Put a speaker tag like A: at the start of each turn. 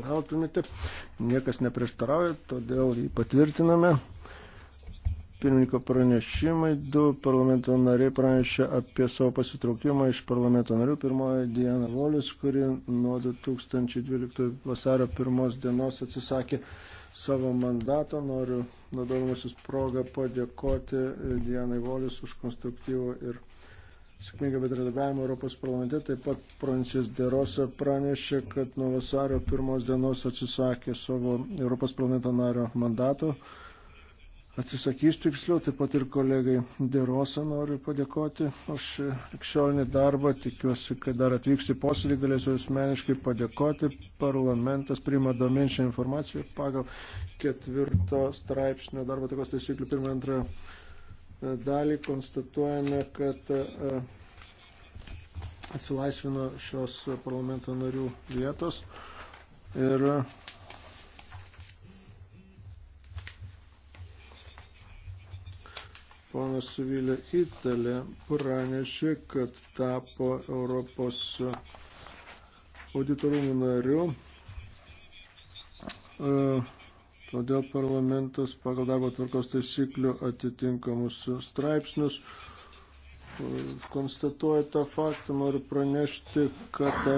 A: Rautumėte, niekas neprieštarauja, todėl jį patvirtiname. Pirmininko pranešimai, du parlamento nariai pranešė apie savo pasitraukimą iš parlamento narių. Pirmoji Diana Volis, kuri nuo 2012 vasario pirmos dienos atsisakė savo mandato. Noriu, naudodamasis progą, padėkoti Dianai Volis už konstruktyvų ir sėkmingą bendradarbiavimą Europos parlamente. Taip pat Prancis Derosa pranešė, kad nuo vasario pirmos dienos atsisakė savo Europos parlamento nario mandato. Atsisakys tiksliau, taip pat ir kolegai Derosa noriu padėkoti už likščiolinį darbą. Tikiuosi, kad dar atvyks į posėdį, galėsiu asmeniškai padėkoti. Parlamentas priima domenčią informaciją pagal ketvirto straipsnio darbo tokios taisyklių pirmą antrą dalį konstatuojame, kad e, atsilaisvino šios parlamento narių vietos ir ponas Suvilė Italė pranešė, kad tapo Europos auditorumų nariu. Uh, Todėl parlamentas pagal darbo tvarkos taisyklių atitinkamus straipsnius e, konstatuoja tą faktą, noriu pranešti, kad